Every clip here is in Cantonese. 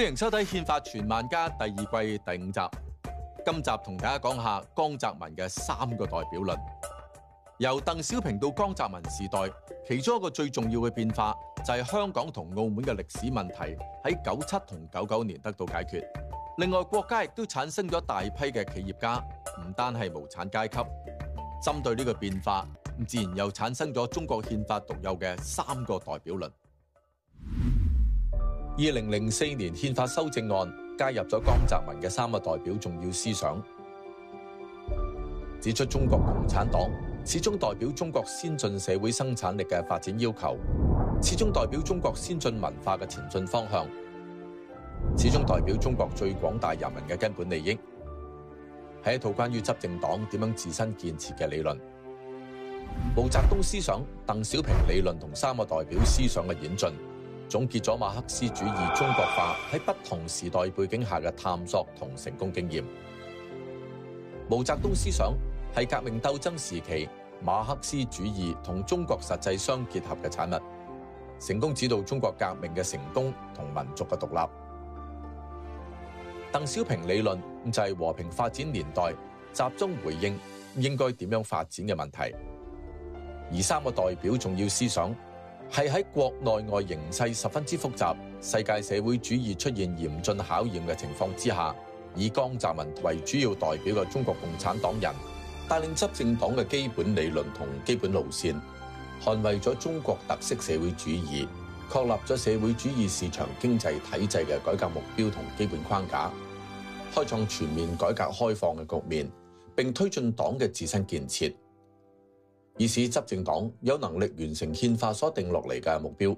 歡迎收睇《憲法傳萬家》第二季第五集。今集同大家講下江澤民嘅三個代表論。由鄧小平到江澤民時代，其中一個最重要嘅變化就係香港同澳門嘅歷史問題喺九七同九九年得到解決。另外，國家亦都產生咗大批嘅企業家，唔單係無產階級。針對呢個變化，自然又產生咗中國憲法獨有嘅三個代表論。二零零四年憲法修正案加入咗江澤民嘅三個代表重要思想，指出中國共產黨始終代表中國先進社會生產力嘅發展要求，始終代表中國先進文化嘅前進方向，始終代表中國最廣大人民嘅根本利益，係一套關於執政黨點樣自身建設嘅理論。毛澤東思想、鄧小平理論同三個代表思想嘅演進。總結咗馬克思主義中國化喺不同時代背景下嘅探索同成功經驗。毛澤東思想係革命鬥爭時期馬克思主義同中國實際相結合嘅產物，成功指導中國革命嘅成功同民族嘅獨立。鄧小平理論就係和平發展年代集中回應應該點樣發展嘅問題，而三個代表重要思想，係喺國內外形勢十分之複雜、世界社會主義出現嚴峻考驗嘅情況之下，以江澤民為主要代表嘅中國共產黨人，帶領執政黨嘅基本理論同基本路線，捍衛咗中國特色社會主義，確立咗社會主義市場經濟體制嘅改革目標同基本框架，開創全面改革開放嘅局面，並推進黨嘅自身建設。以使執政黨有能力完成憲法所定落嚟嘅目標。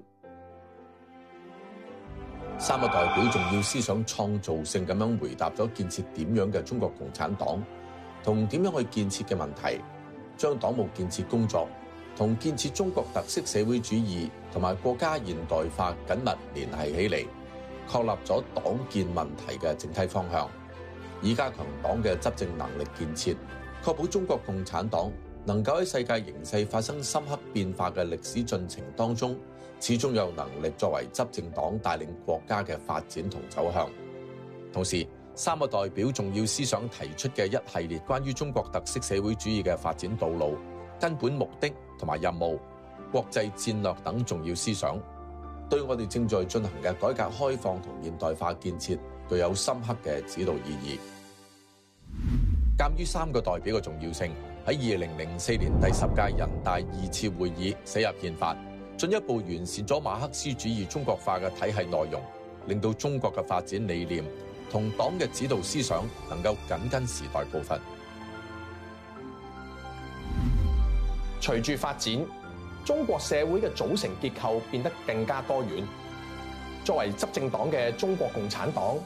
三個代表重要思想創造性咁樣回答咗建設點樣嘅中國共產黨同點樣去建設嘅問題，將黨務建設工作同建設中國特色社會主義同埋國家現代化緊密聯繫起嚟，確立咗黨建問題嘅整體方向，以加強黨嘅執政能力建設，確保中國共產黨。能夠喺世界形勢發生深刻變化嘅歷史進程當中，始終有能力作為執政黨帶領國家嘅發展同走向。同時，三個代表重要思想提出嘅一系列關於中國特色社會主義嘅發展道路、根本目的同埋任務、國際戰略等重要思想，對我哋正在進行嘅改革開放同現代化建設具有深刻嘅指導意義。鑒於三個代表嘅重要性。喺二零零四年第十屆人大二次會議寫入憲法，進一步完善咗馬克思主義中國化嘅體系內容，令到中國嘅發展理念同黨嘅指導思想能夠緊跟時代步伐。隨住發展，中國社會嘅組成結構變得更加多元，作為執政黨嘅中國共產黨。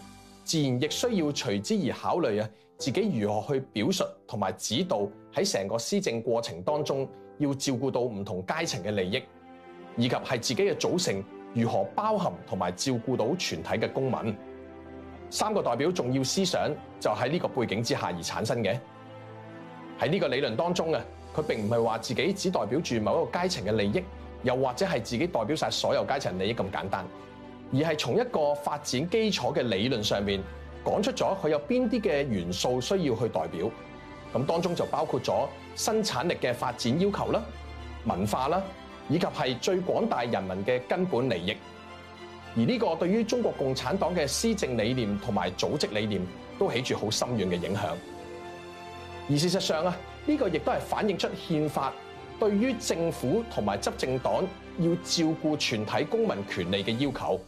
自然亦需要隨之而考慮啊，自己如何去表述同埋指導喺成個施政過程當中，要照顧到唔同階層嘅利益，以及係自己嘅組成如何包含同埋照顧到全體嘅公民。三個代表重要思想就喺呢個背景之下而產生嘅。喺呢個理論當中啊，佢並唔係話自己只代表住某一個階層嘅利益，又或者係自己代表晒所有階層利益咁簡單。而係從一個發展基礎嘅理論上面講出咗佢有邊啲嘅元素需要去代表，咁當中就包括咗生產力嘅發展要求啦、文化啦，以及係最廣大人民嘅根本利益。而呢個對於中國共產黨嘅施政理念同埋組織理念都起住好深遠嘅影響。而事實上啊，呢個亦都係反映出憲法對於政府同埋執政黨要照顧全體公民權利嘅要求。